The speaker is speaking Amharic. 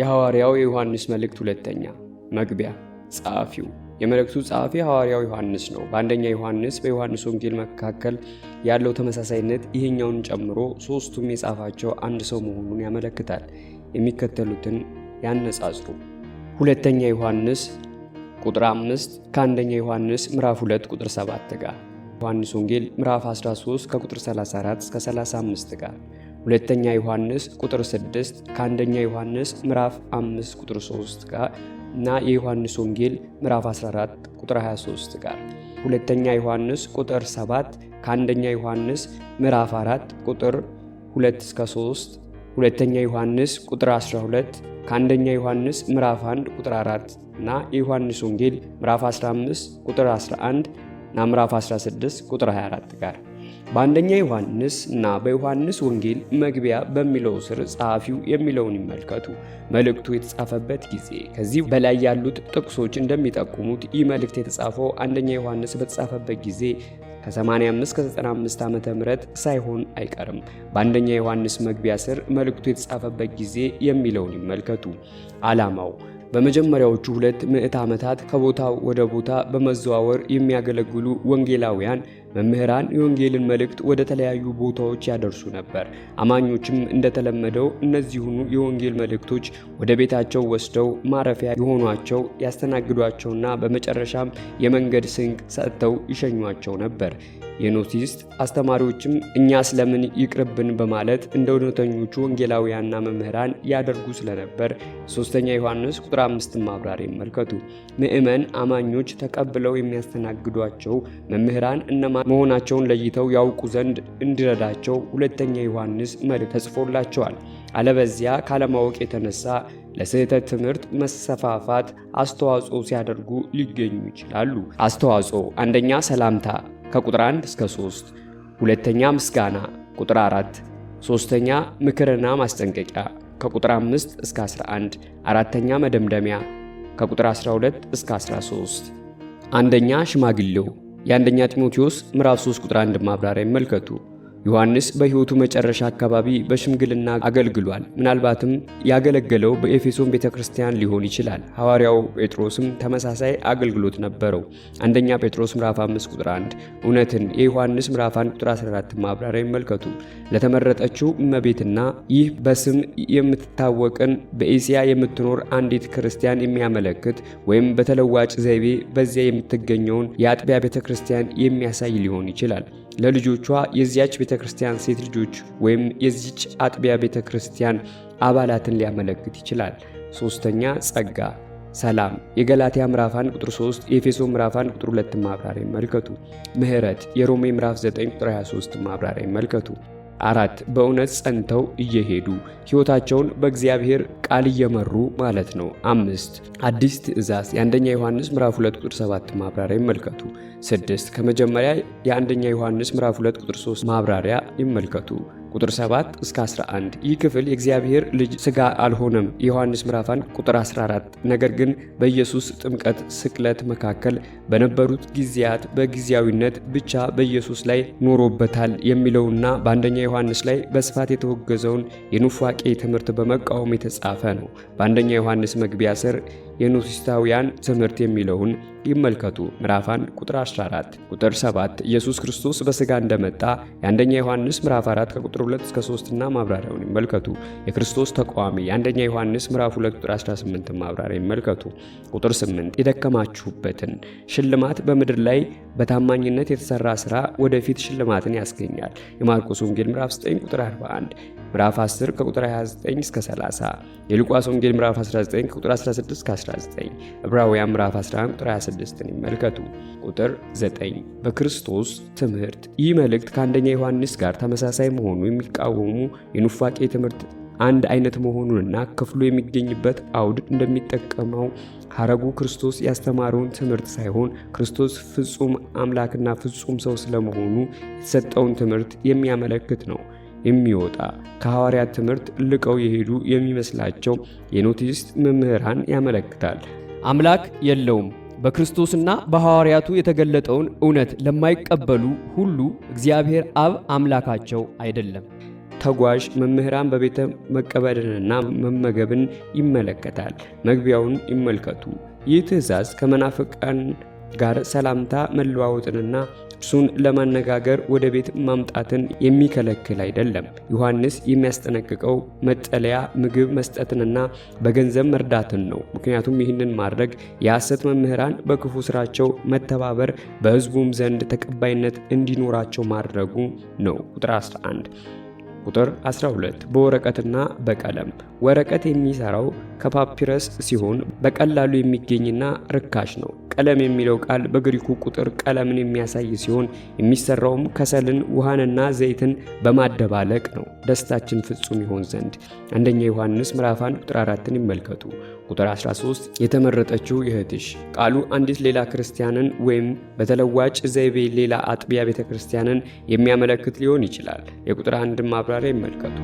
የሐዋርያው የዮሐንስ መልእክት ሁለተኛ መግቢያ። ጸሐፊው የመልእክቱ ጸሐፊ ሐዋርያው ዮሐንስ ነው። በአንደኛ ዮሐንስ በዮሐንስ ወንጌል መካከል ያለው ተመሳሳይነት ይህኛውን ጨምሮ ሦስቱም የጻፋቸው አንድ ሰው መሆኑን ያመለክታል። የሚከተሉትን ያነጻጽሩ። ሁለተኛ ዮሐንስ ቁጥር 5 ከአንደኛ ዮሐንስ ምዕራፍ 2 ቁጥር 7 ጋር ዮሐንስ ወንጌል ምዕራፍ 13 ከቁጥር 34 እስከ 35 ጋር ሁለተኛ ዮሐንስ ቁጥር 6 ከአንደኛ ዮሐንስ ምዕራፍ 5 ቁጥር 3 ጋር እና የዮሐንስ ወንጌል ምዕራፍ 14 ቁጥር 23 ጋር ሁለተኛ ዮሐንስ ቁጥር 7 ከአንደኛ ዮሐንስ ምዕራፍ 4 ቁጥር 2 እስከ 3 ሁለተኛ ዮሐንስ ቁጥር 12 ከአንደኛ ዮሐንስ ምዕራፍ 1 ቁጥር 4 እና የዮሐንስ ወንጌል ምዕራፍ 15 ቁጥር 11 እና ምዕራፍ 16 ቁጥር 24 ጋር በአንደኛ ዮሐንስ እና በዮሐንስ ወንጌል መግቢያ በሚለው ስር ጸሐፊው የሚለውን ይመልከቱ። መልእክቱ የተጻፈበት ጊዜ ከዚህ በላይ ያሉት ጥቅሶች እንደሚጠቁሙት ይህ መልእክት የተጻፈው አንደኛ ዮሐንስ በተጻፈበት ጊዜ ከ85 እስከ 95 ዓመተ ምህረት ሳይሆን አይቀርም። በአንደኛ ዮሐንስ መግቢያ ስር መልእክቱ የተጻፈበት ጊዜ የሚለውን ይመልከቱ። ዓላማው በመጀመሪያዎቹ ሁለት ምዕት ዓመታት ከቦታ ወደ ቦታ በመዘዋወር የሚያገለግሉ ወንጌላውያን መምህራን የወንጌልን መልእክት ወደ ተለያዩ ቦታዎች ያደርሱ ነበር። አማኞችም እንደተለመደው እነዚሁኑ የወንጌል መልእክቶች ወደ ቤታቸው ወስደው ማረፊያ የሆኗቸው ያስተናግዷቸውና በመጨረሻም የመንገድ ስንቅ ሰጥተው ይሸኟቸው ነበር። የኖቲስት አስተማሪዎችም እኛ ስለምን ይቅርብን በማለት እንደ እውነተኞቹ ወንጌላውያንና መምህራን ያደርጉ ስለነበር ሶስተኛ ዮሐንስ ቁጥር አምስትን ማብራሪ ይመልከቱ። ምዕመን አማኞች ተቀብለው የሚያስተናግዷቸው መምህራን እነማ መሆናቸውን ለይተው ያውቁ ዘንድ እንዲረዳቸው ሁለተኛ ዮሐንስ መልእክት ተጽፎላቸዋል። አለበዚያ ካለማወቅ የተነሳ ለስህተት ትምህርት መሰፋፋት አስተዋጽኦ ሲያደርጉ ሊገኙ ይችላሉ። አስተዋጽኦ አንደኛ ሰላምታ ከቁጥር 1 እስከ 3፣ ሁለተኛ ምስጋና ቁጥር 4፣ ሶስተኛ ምክርና ማስጠንቀቂያ ከቁጥር 5 እስከ 11፣ አራተኛ መደምደሚያ ከቁጥር 12 እስከ 13። አንደኛ ሽማግሌው የአንደኛ ጢሞቴዎስ ምዕራፍ 3 ቁጥር 1 ማብራሪያ ይመልከቱ። ዮሐንስ በሕይወቱ መጨረሻ አካባቢ በሽምግልና አገልግሏል። ምናልባትም ያገለገለው በኤፌሶን ቤተ ክርስቲያን ሊሆን ይችላል። ሐዋርያው ጴጥሮስም ተመሳሳይ አገልግሎት ነበረው። አንደኛ ጴጥሮስ ምዕራፍ 5 ቁጥር 1 እውነትን የዮሐንስ ምዕራፍ 1 ቁጥር 14 ማብራሪያ ይመልከቱ። ለተመረጠችው እመቤትና ይህ በስም የምትታወቅን በኤስያ የምትኖር አንዲት ክርስቲያን የሚያመለክት ወይም በተለዋጭ ዘይቤ በዚያ የምትገኘውን የአጥቢያ ቤተ ክርስቲያን የሚያሳይ ሊሆን ይችላል። ለልጆቿ የዚያች ቤተ ክርስቲያን ሴት ልጆች ወይም የዚች አጥቢያ ቤተ ክርስቲያን አባላትን ሊያመለክት ይችላል። ሶስተኛ ጸጋ ሰላም የገላትያ ምዕራፍ 1 ቁጥር 3 የኤፌሶ ምዕራፍ 1 ቁጥር 2 ማብራሪያ ይመልከቱ። ምህረት የሮሜ ምዕራፍ 9 ቁጥር 23 ማብራሪያ ይመልከቱ። አራት በእውነት ጸንተው እየሄዱ ሕይወታቸውን በእግዚአብሔር ቃል እየመሩ ማለት ነው። አምስት አዲስ ትእዛዝ የአንደኛ ዮሐንስ ምዕራፍ 2 ቁጥር 7 ማብራሪያ ይመልከቱ። ስድስት ከመጀመሪያ የአንደኛ ዮሐንስ ምዕራፍ 2 ቁጥር 3 ማብራሪያ ይመልከቱ። ቁጥር 7 እስከ 11። ይህ ክፍል የእግዚአብሔር ልጅ ስጋ አልሆነም የዮሐንስ ምዕራፍ 1 ቁጥር 14። ነገር ግን በኢየሱስ ጥምቀት ስቅለት መካከል በነበሩት ጊዜያት በጊዜያዊነት ብቻ በኢየሱስ ላይ ኖሮበታል የሚለውና በአንደኛ ዮሐንስ ላይ በስፋት የተወገዘውን የኑፋቄ ትምህርት በመቃወም የተጻፈ ነው። በአንደኛ ዮሐንስ መግቢያ ስር የኖሲስታውያን ትምህርት የሚለውን ይመልከቱ። ምዕራፍ 1 ቁጥር 14 ቁጥር 7 ኢየሱስ ክርስቶስ በሥጋ እንደመጣ የአንደኛ ዮሐንስ ምዕራፍ 4 ከቁጥር 2 እስከ 3 እና ማብራሪያውን ይመልከቱ። የክርስቶስ ተቃዋሚ የአንደኛ ዮሐንስ ምዕራፍ 2 ቁጥር 18 ማብራሪያ ይመልከቱ። ቁጥር 8 የደከማችሁበትን ሽልማት በምድር ላይ በታማኝነት የተሰራ ስራ ወደፊት ሽልማትን ያስገኛል። የማርቆስ ወንጌል ምዕራፍ 9 ቁጥር 41 ምዕራፍ 10 ከቁጥር 29 እስከ 30 የሉቃስ ወንጌል ምዕራፍ 19 ከቁጥር 16 እስከ 19 ዕብራውያን ምዕራፍ 11 ቁጥር 26ን ይመልከቱ። ቁጥር 9 በክርስቶስ ትምህርት ይህ መልእክት ከአንደኛ ዮሐንስ ጋር ተመሳሳይ መሆኑ የሚቃወሙ የኑፋቄ ትምህርት አንድ አይነት መሆኑንና ክፍሉ የሚገኝበት አውድ እንደሚጠቀመው ሐረጉ ክርስቶስ ያስተማረውን ትምህርት ሳይሆን ክርስቶስ ፍጹም አምላክና ፍጹም ሰው ስለመሆኑ የተሰጠውን ትምህርት የሚያመለክት ነው። የሚወጣ ከሐዋርያት ትምህርት ልቀው የሄዱ የሚመስላቸው የኖቲስት መምህራን ያመለክታል። አምላክ የለውም። በክርስቶስና በሐዋርያቱ የተገለጠውን እውነት ለማይቀበሉ ሁሉ እግዚአብሔር አብ አምላካቸው አይደለም። ተጓዥ መምህራን በቤተ መቀበልንና መመገብን ይመለከታል። መግቢያውን ይመልከቱ። ይህ ትእዛዝ ከመናፍቃን ጋር ሰላምታ መለዋወጥንና እርሱን ለማነጋገር ወደ ቤት ማምጣትን የሚከለክል አይደለም። ዮሐንስ የሚያስጠነቅቀው መጠለያ፣ ምግብ መስጠትንና በገንዘብ መርዳትን ነው። ምክንያቱም ይህንን ማድረግ የሐሰት መምህራን በክፉ ስራቸው መተባበር በሕዝቡም ዘንድ ተቀባይነት እንዲኖራቸው ማድረጉ ነው። ቁጥር 11 ቁጥር 12 በወረቀትና በቀለም ወረቀት የሚሰራው ከፓፒረስ ሲሆን በቀላሉ የሚገኝና ርካሽ ነው። ቀለም የሚለው ቃል በግሪኩ ቁጥር ቀለምን የሚያሳይ ሲሆን የሚሰራውም ከሰልን ውሃንና ዘይትን በማደባለቅ ነው፣ ደስታችን ፍጹም ይሆን ዘንድ። አንደኛ ዮሐንስ ምዕራፍ 1 ቁጥር 4ን ይመልከቱ። ቁጥር 13 የተመረጠችው ይህትሽ ቃሉ አንዲት ሌላ ክርስቲያንን ወይም በተለዋጭ ዘይቤ ሌላ አጥቢያ ቤተ ክርስቲያንን የሚያመለክት ሊሆን ይችላል። የቁጥር አንድን ማብራሪያ ይመልከቱ።